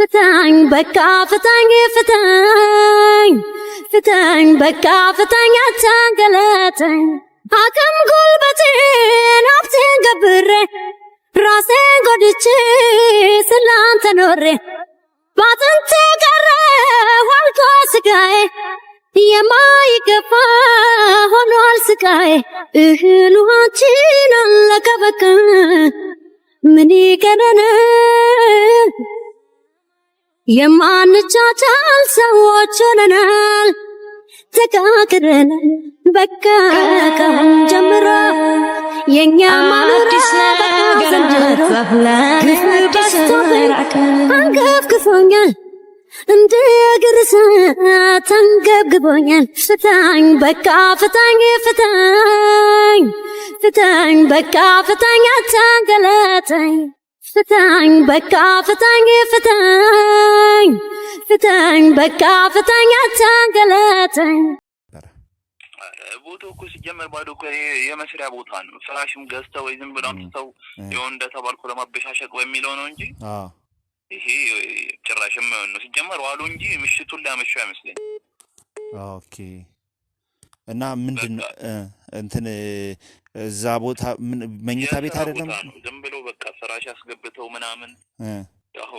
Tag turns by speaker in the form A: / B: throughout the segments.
A: ፍተኝ በቃ ፍተኝ ፍታኝ ፍተኝ በቃ ፍተኝ አታንገላታኝ አቅም ጉልበቴን ሀብቴን ገብሬ ራሴን ጎድቼ ስላንተ ኖሬ ባጥንቴ ቀረ ሆልኮ ስጋዬ የማይገባ ሆኗል ስቃዬ እህል ውሃችን አለቀ በቃ ምን ይቀረናል የማንቻቻል ሰዎች ሆነናል። ተቃቅረን በቃ ካሁን ጀምሮ የኛ ማኖሪያ ዘንድሮ አንገፍግፎኛል እንደ እግር እሳት ፍታኝ በቃ ፍታኝ ፍታኝ ፍታኝ በቃ ፍታኝ አታንገላታኝ ፍተኝ በቃ ፍተኝ ፍታኝ ፍታኝ በቃ ፍታኝ አታንገላታኝ።
B: ቦታው እኮ ሲጀመር ባዶ እኮ የመስሪያ ቦታ ነው። ፍራሽም ገዝተው ወይ ዝም አምጥተው እንደተባልኩ ለማበሻሸቅ በሚለው ነው እንጂ ይሄ ጭራሽም ነው ሲጀመር ዋሉ እንጂ ምሽቱን አይመስለኝ።
C: ኦኬ እና ምንድን ነው እንትን እዛ ቦታ መኝታ ቤት አይደለም፣
B: ዝም ብሎ በቃ ፍራሽ አስገብተው ምናምን ያው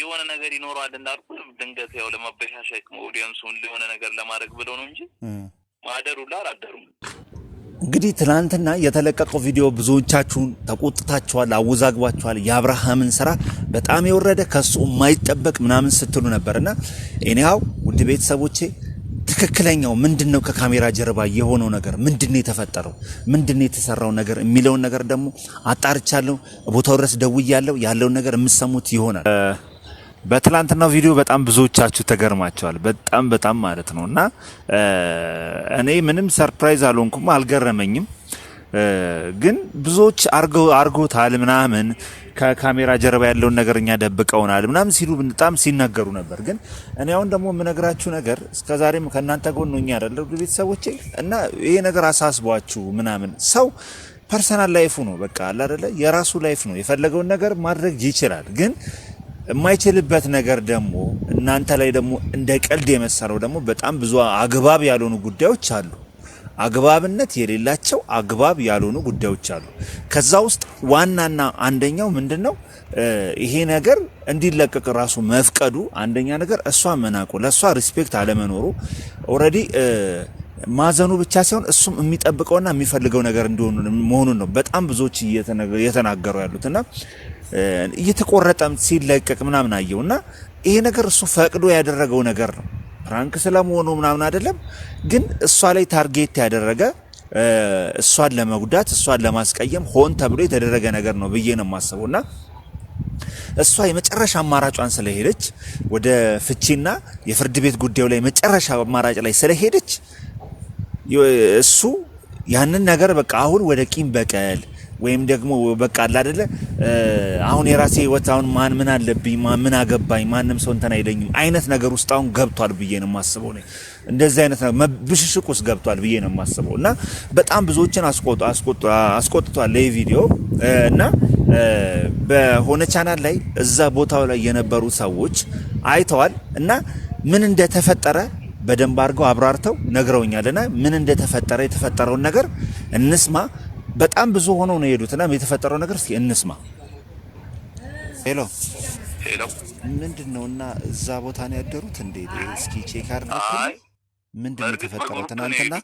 B: የሆነ ነገር ይኖረዋል እንዳልኩ ድንገት ያው ለማበሻሸቅ ኦዲየንሱን የሆነ ነገር ለማድረግ ብለው ነው እንጂ ማደሩ ላ አላደሩም።
C: እንግዲህ ትናንትና የተለቀቀው ቪዲዮ ብዙዎቻችሁን ተቆጥታችኋል፣ አወዛግባችኋል። የአብርሃምን ስራ በጣም የወረደ ከሱ የማይጠበቅ ምናምን ስትሉ ነበር እና ኤኒሃው ውድ ቤተሰቦቼ ትክክለኛው ምንድን ነው? ከካሜራ ጀርባ የሆነው ነገር ምንድን ነው? የተፈጠረው ምንድን ነው? የተሰራው ነገር የሚለውን ነገር ደግሞ አጣርቻለሁ። ቦታው ድረስ ደውያለሁ። ያለውን ነገር የምሰሙት ይሆናል። በትላንትናው ቪዲዮ በጣም ብዙዎቻችሁ ተገርማቸዋል። በጣም በጣም ማለት ነው እና እኔ ምንም ሰርፕራይዝ አልሆንኩም፣ አልገረመኝም። ግን ብዙዎች አርጎታል ምናምን ከካሜራ ጀርባ ያለውን ነገር እኛ ደብቀውናል ምናምን ሲሉ በጣም ሲናገሩ ነበር። ግን እኔ አሁን ደግሞ የምነግራችሁ ነገር እስከዛሬም ከእናንተ ጎን ሆኜ አይደለ ቤተሰቦቼ፣ እና ይሄ ነገር አሳስቧችሁ ምናምን ሰው ፐርሰናል ላይፉ ነው በቃ አለ አይደለ የራሱ ላይፍ ነው። የፈለገውን ነገር ማድረግ ይችላል። ግን የማይችልበት ነገር ደግሞ እናንተ ላይ ደግሞ እንደ ቀልድ የመሰለው ደግሞ በጣም ብዙ አግባብ ያልሆኑ ጉዳዮች አሉ። አግባብነት የሌላቸው አግባብ ያልሆኑ ጉዳዮች አሉ። ከዛ ውስጥ ዋናና አንደኛው ምንድን ነው? ይሄ ነገር እንዲለቀቅ ራሱ መፍቀዱ አንደኛ ነገር፣ እሷ መናቁ፣ ለእሷ ሪስፔክት አለመኖሩ ኦልሬዲ ማዘኑ ብቻ ሳይሆን እሱም የሚጠብቀውና የሚፈልገው ነገር እንዲሆኑ መሆኑን ነው በጣም ብዙዎች እየተናገሩ ያሉት እና እየተቆረጠም ሲለቀቅ ምናምን አየው እና ይሄ ነገር እሱ ፈቅዶ ያደረገው ነገር ነው። ፕራንክ ስለመሆኑ ምናምን አይደለም፣ ግን እሷ ላይ ታርጌት ያደረገ እሷን ለመጉዳት እሷን ለማስቀየም ሆን ተብሎ የተደረገ ነገር ነው ብዬ ነው የማስበው እና እሷ የመጨረሻ አማራጯን ስለሄደች ወደ ፍቺና የፍርድ ቤት ጉዳዩ ላይ መጨረሻ አማራጭ ላይ ስለሄደች እሱ ያንን ነገር በቃ አሁን ወደ ቂም በቀል ወይም ደግሞ በቃ አለ አይደለ አሁን የራሴ ህይወት አሁን ማን ምን አለብኝ ማን ምን አገባኝ ማንም ሰው እንትን አይለኝም አይነት ነገር ውስጥ አሁን ገብቷል ብዬ ነው የማስበው። እኔ እንደዚህ አይነት ነገር ብሽሽቅ ውስጥ ገብቷል ብዬ ነው የማስበው እና በጣም ብዙዎችን አስቆጥ አስቆጥ አስቆጥቷል ይህ ቪዲዮ እና በሆነ ቻናል ላይ እዛ ቦታው ላይ የነበሩ ሰዎች አይተዋል እና ምን እንደተፈጠረ በደንብ አድርገው አብራርተው ነግረውኛልና ምን እንደተፈጠረ የተፈጠረውን ነገር እንስማ። በጣም ብዙ ሆነው ነው የሄዱት። እና የተፈጠረው ነገር እስኪ እንስማ። ሄሎ ሄሎ፣ ምንድን ነው እና እዛ ቦታ ነው ያደሩት እንዴ? እስኪ ቼክ አድርግ። ምንድን ነው የተፈጠረው? ትናንትና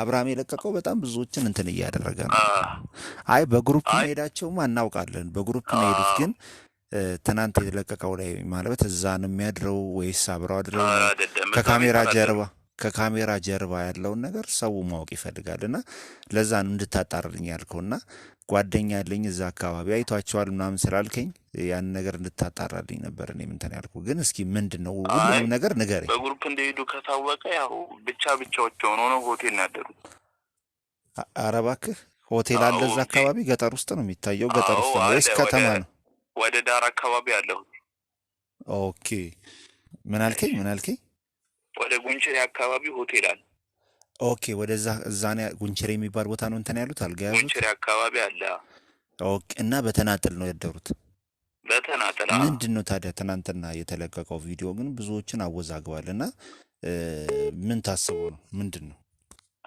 C: አብርሃም የለቀቀው በጣም ብዙዎችን እንትን እያደረገ ነው። አይ በግሩፕ መሄዳቸውም አናውቃለን። በግሩፕ መሄዱት ግን ትናንት የለቀቀው ላይ ማለት እዛ ነው የሚያድረው ወይስ አብረው አድረው ከካሜራ ጀርባ ከካሜራ ጀርባ ያለውን ነገር ሰው ማወቅ ይፈልጋል እና ለዛ ነው እንድታጣርልኝ ያልከውና ጓደኛ ያለኝ እዛ አካባቢ አይቷቸዋል ምናምን ስላልከኝ ያን ነገር እንድታጣራልኝ ነበር። እኔ ምንትን ያልኩ ግን እስኪ ምንድን ነው ሁሉም ነገር ንገረኝ።
B: በግሩፕ እንደሄዱ ከታወቀ ያው ብቻ ብቻዎች ሆኖ ነው ሆቴል ያደሩ።
C: ኧረ እባክህ ሆቴል አለ እዛ አካባቢ ገጠር ውስጥ ነው የሚታየው። ገጠር ውስጥ ነው ወይስ ከተማ ነው?
B: ወደ ዳር አካባቢ አለሁ።
C: ኦኬ ምን አልከኝ? ምን አልከኝ?
B: ወደ ጉንችሬ አካባቢ ሆቴል አለ።
C: ኦኬ፣ ወደዛ እዛ ጉንችሬ የሚባል ቦታ ነው እንትን ያሉት አልጋ
B: ያሉት ጉንችሬ አካባቢ አለ።
C: ኦኬ። እና በተናጠል ነው ያደሩት። በተናጠል ምንድን ነው ታዲያ? ትናንትና የተለቀቀው ቪዲዮ ግን ብዙዎችን አወዛግቧል። እና ምን ታስቦ ነው ምንድን ነው?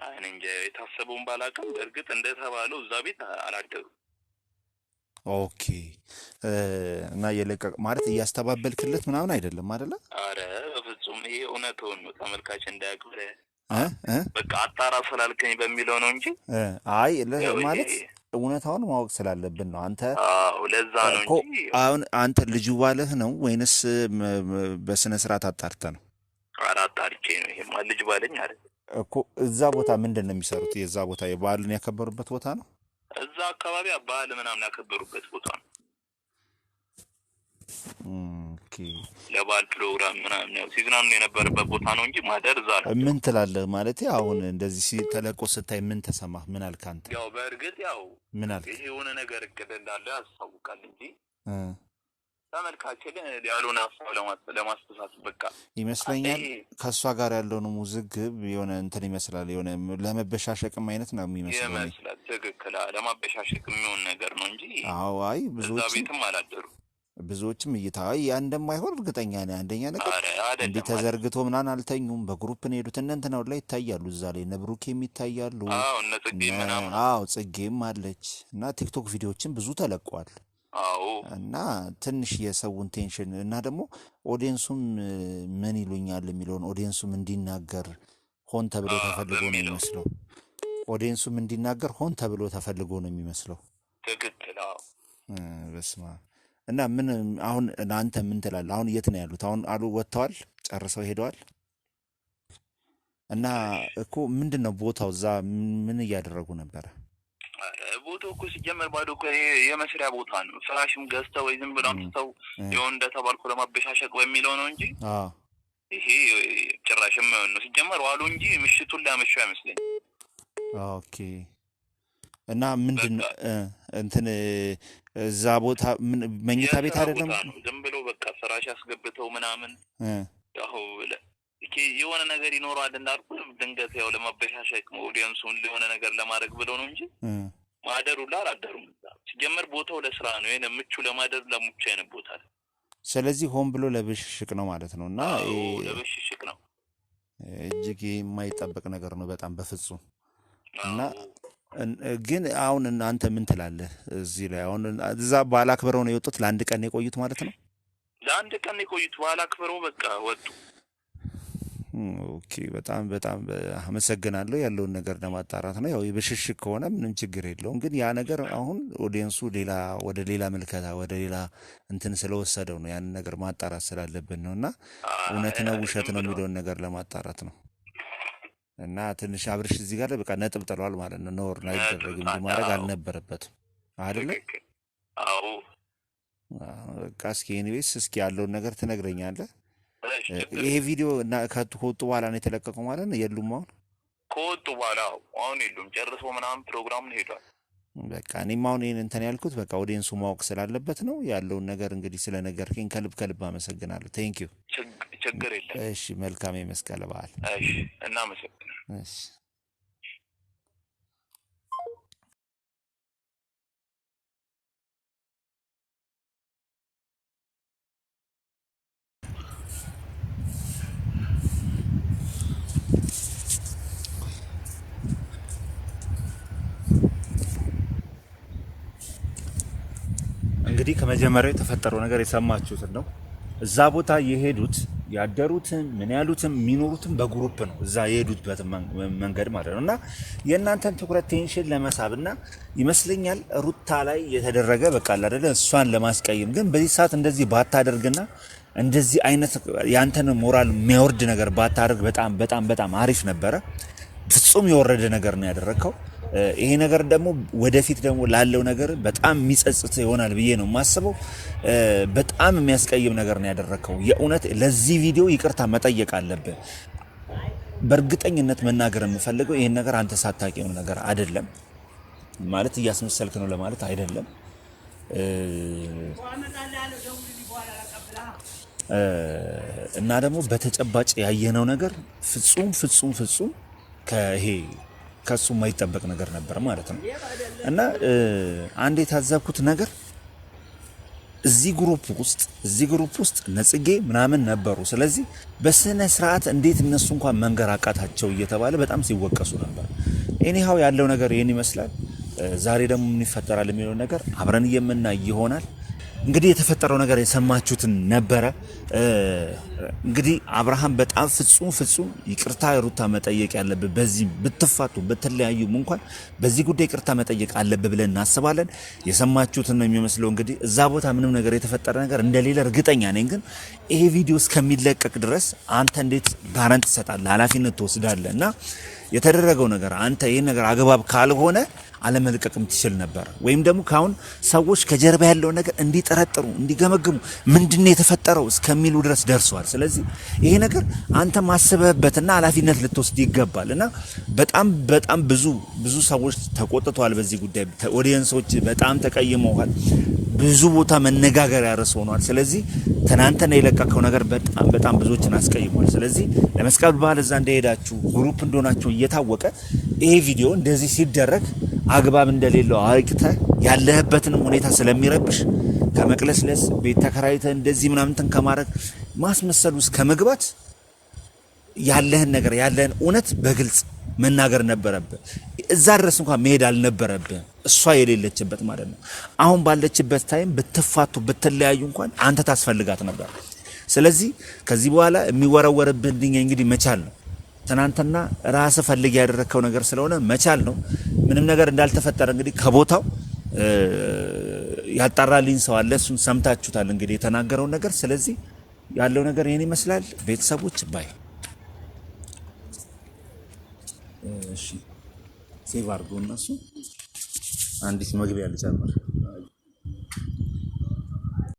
B: አይ እኔ እንጃ የታሰበውን ባላውቅም፣ በእርግጥ እንደተባለው እዛ ቤት አላደሩ
C: ኦኬ እና የለቀቅ ማለት እያስተባበልክለት ምናምን አይደለም አደለ?
B: ይሄ እውነቱን ተመልካች እንዳያቅብለ በቃ አጣራ ስላልከኝ በሚለው ነው እንጂ
C: አይ ማለት እውነታውን ማወቅ ስላለብን ነው። አንተ
B: ለዛ ነው እንጂ
C: አሁን አንተ ልጁ ባለህ ነው ወይንስ በስነ ስርዓት አጣርተ ነው?
B: ኧረ አጣርቼ ነው። ይሄማ ልጅ ባለኝ አለ
C: እኮ። እዛ ቦታ ምንድን ነው የሚሰሩት? የዛ ቦታ የበዓልን ያከበሩበት ቦታ ነው።
B: እዛ አካባቢ በዓል ምናምን ያከበሩበት ቦታ ነው። ለባል ፕሮግራም ምናምን ያው ሲዝናኑ የነበረበት ቦታ ነው እንጂ ማደር እዛ
C: ነው። ምን ትላለህ ማለት አሁን እንደዚህ ተለቆ ስታይ ምን ተሰማህ? ምን አልክ አንተ?
B: ያው በእርግጥ ያው ምን አልክ? ይህ የሆነ ነገር እቅድ እንዳለ ያስታውቃል እንጂ ተመልካች ግን ያሉን ሀሳብ ለማስተሳት በቃ
C: ይመስለኛል ከእሷ ጋር ያለውን ውዝግብ የሆነ እንትን ይመስላል የሆነ ለመበሻሸቅም አይነት ነው የሚመስለው ይመስላል።
B: ትክክል ለማበሻሸቅ የሚሆን ነገር ነው እንጂ
C: አዎ፣ አይ ብዙ
B: ቤትም አላደሩ
C: ብዙዎችም እይታ ያ እንደማይሆን እርግጠኛ ነኝ። አንደኛ ነገር እንዲህ ተዘርግቶ ምናን አልተኙም። በግሩፕ ነው የሄዱት። እነ ላይ ይታያሉ፣ እዛ ላይ እነ ይታያሉ። አዎ ጽጌም አለች እና ቲክቶክ ቪዲዮዎችን ብዙ ተለቋል እና ትንሽ የሰውን ቴንሽን እና ደግሞ ኦዲየንሱም ምን ይሉኛል የሚለውን ኦዲየንሱም እንዲናገር ሆን ተብሎ ተፈልጎ ነው የሚመስለው። ኦዲየንሱም እንዲናገር ሆን ተብሎ ተፈልጎ ነው የሚመስለው። ትክክል። በስመ አብ እና ምን አሁን ለአንተ ምን ትላለህ? አሁን የት ነው ያሉት? አሁን አሉ ወጥተዋል፣ ጨርሰው ሄደዋል። እና እኮ ምንድን ነው ቦታው? እዛ ምን እያደረጉ ነበረ?
B: ቦታው እኮ ሲጀመር ባዶ እኮ የመስሪያ ቦታ ነው። ፍራሽም ገዝተው ወይ ዝም ብለው አምጥተው የሆን እንደተባልኩ ለማበሻሸቅ በሚለው ነው እንጂ ይሄ ጭራሽም ነው ሲጀመር ዋሉ እንጂ ምሽቱን ሊያመሸው አይመስለኝም።
C: ኦኬ እና ምንድን እንትን እዛ ቦታ መኝታ ቤት አይደለም፣
B: ዝም ብሎ በቃ ፍራሽ ያስገብተው ምናምን ያው የሆነ ነገር ይኖረዋል እንዳልኩ ድንገት ያው ለማበሻሸቅ ኦዲየንሱን የሆነ ነገር ለማድረግ ብለው ነው እንጂ ማደሩ ላይ አላደሩም። ሲጀመር ቦታው ለስራ ነው፣ ይሄን ምቹ ለማደር ለሙቹ አይነት ቦታ ነው።
C: ስለዚህ ሆን ብሎ ለብሽሽቅ ነው ማለት ነው። እና
B: ለብሽሽቅ ነው
C: እጅግ የማይጠበቅ ነገር ነው በጣም በፍጹም እና ግን አሁን እናንተ ምን ትላለህ እዚህ ላይ? አሁን እዛ በኋላ አክብረው ነው የወጡት። ለአንድ ቀን የቆዩት ማለት ነው።
B: ለአንድ ቀን የቆዩት በኋላ አክብረው በቃ ወጡ።
C: ኦኬ፣ በጣም በጣም አመሰግናለሁ። ያለውን ነገር ለማጣራት ነው። ያው የብሽሽቅ ከሆነ ምንም ችግር የለውም። ግን ያ ነገር አሁን ኦዲየንሱ ሌላ ወደ ሌላ ምልከታ ወደ ሌላ እንትን ስለወሰደው ነው ያንን ነገር ማጣራት ስላለብን ነው እና እውነት ነው ውሸት ነው የሚለውን ነገር ለማጣራት ነው። እና ትንሽ አብርሽ እዚህ ጋር በቃ ነጥብ ጥሏል ማለት ነው። ኖር ላይ ደረግ እንጂ ማድረግ አልነበረበትም አይደለ? አዎ በቃ እስኪ ኤኒዌይስ እስኪ ያለውን ነገር ትነግረኛለህ። ይሄ ቪዲዮ ከወጡ በኋላ ነው የተለቀቀው ማለት ነው። የሉም አሁን
B: ከወጡ በኋላ አሁን የሉም ጨርሶ ምናምን ፕሮግራሙን ሄዷል።
C: በቃ እኔም አሁን ይህን እንትን ያልኩት በቃ ኦዲየንሱ ማወቅ ስላለበት ነው ያለውን ነገር እንግዲህ ስለነገርከኝ ከልብ ከልብ አመሰግናለሁ። ቴንኪዩ ችግር የለም። እሺ፣ መልካም የመስቀል በዓል።
B: እሺ፣ እናመሰግናል።
C: እንግዲህ ከመጀመሪያው የተፈጠረው ነገር የሰማችሁትን ነው። እዛ ቦታ የሄዱት ያደሩትም ምን ያሉትም የሚኖሩትም በግሩፕ ነው እዛ የሄዱበት መንገድ ማለት ነው። እና የእናንተን ትኩረት ቴንሽን ለመሳብ እና ይመስለኛል ሩታ ላይ የተደረገ በቃል አደለ እሷን ለማስቀየም ግን በዚህ ሰዓት እንደዚህ ባታደርግና እንደዚህ አይነት ያንተን ሞራል የሚያወርድ ነገር ባታደርግ በጣም በጣም በጣም አሪፍ ነበረ። ፍጹም የወረደ ነገር ነው ያደረግከው። ይሄ ነገር ደግሞ ወደፊት ደግሞ ላለው ነገር በጣም የሚጸጽት ይሆናል ብዬ ነው የማስበው። በጣም የሚያስቀይም ነገር ነው ያደረከው። የእውነት ለዚህ ቪዲዮ ይቅርታ መጠየቅ አለብህ። በእርግጠኝነት መናገር የምፈልገው ይህን ነገር አንተ ሳታቂ የሆነ ነገር አይደለም ማለት እያስመሰልክ ነው ለማለት አይደለም። እና ደግሞ በተጨባጭ ያየነው ነገር ፍጹም ፍጹም ፍጹም ከይሄ ከሱ የማይጠበቅ ነገር ነበር ማለት ነው። እና አንድ የታዘብኩት ነገር እዚህ ግሩፕ ውስጥ እዚህ ግሩፕ ውስጥ ነጽጌ ምናምን ነበሩ። ስለዚህ በስነ ስርዓት እንዴት እነሱ እንኳን መንገር አቃታቸው እየተባለ በጣም ሲወቀሱ ነበር። ኤኒሃው ያለው ነገር ይህን ይመስላል። ዛሬ ደግሞ ምን ይፈጠራል የሚለው ነገር አብረን የምናይ ይሆናል። እንግዲህ የተፈጠረው ነገር የሰማችሁትን ነበረ። እንግዲህ አብርሃም በጣም ፍጹም ፍጹም ይቅርታ ሩታ መጠየቅ ያለብህ በዚህ ብትፋቱ ብትለያዩም እንኳን በዚህ ጉዳይ ይቅርታ መጠየቅ አለብህ ብለን እናስባለን። የሰማችሁትን ነው የሚመስለው። እንግዲህ እዛ ቦታ ምንም ነገር የተፈጠረ ነገር እንደሌለ እርግጠኛ ነኝ። ግን ይሄ ቪዲዮ እስከሚለቀቅ ድረስ አንተ እንዴት ጋረንት ትሰጣለህ? ኃላፊነት ትወስዳለህ እና የተደረገው ነገር አንተ ይህን ነገር አግባብ ካልሆነ አለመልቀቅም ትችል ነበር። ወይም ደግሞ ካሁን ሰዎች ከጀርባ ያለው ነገር እንዲጠረጥሩ፣ እንዲገመግሙ ምንድነው የተፈጠረው እስከሚሉ ድረስ ደርሷል። ስለዚህ ይሄ ነገር አንተ ማስበህበትና ኃላፊነት ልትወስድ ይገባል እና በጣም በጣም ብዙ ብዙ ሰዎች ተቆጥተዋል። በዚህ ጉዳይ ኦዲየንሶች በጣም ተቀይመዋል። ብዙ ቦታ መነጋገር ያረስ ሆኗል። ስለዚህ ትናንትና የለቀቀው ነገር በጣም በጣም ብዙዎችን አስቀይሟል። ስለዚህ ለመስቀል በዓል እዛ እንደሄዳችሁ ግሩፕ እንደሆናችሁ እየታወቀ ይሄ ቪዲዮ እንደዚህ ሲደረግ አግባብ እንደሌለው አውቅተህ ያለህበትን ሁኔታ ስለሚረብሽ ከመቅለስለስ ቤት ተከራይተ እንደዚህ ምናምንትን ከማድረግ ማስመሰል ውስጥ ከመግባት ያለህን ነገር ያለህን እውነት በግልጽ መናገር ነበረብህ። እዛ ድረስ እንኳን መሄድ አልነበረብህ፣ እሷ የሌለችበት ማለት ነው። አሁን ባለችበት ታይም ብትፋቱ ብትለያዩ እንኳን አንተ ታስፈልጋት ነበር። ስለዚህ ከዚህ በኋላ የሚወረወርብህ እንግዲህ መቻል ነው። ትናንትና ራስህ ፈልግ ያደረግከው ነገር ስለሆነ መቻል ነው። ምንም ነገር እንዳልተፈጠረ እንግዲህ ከቦታው ያጣራልኝ ሰው አለ። እሱን ሰምታችሁታል እንግዲህ የተናገረውን ነገር። ስለዚህ ያለው ነገር ይህን ይመስላል። ቤተሰቦች ባይ ሴቭ አድርጎ እነሱ አንዲት መግቢያ ልጨምር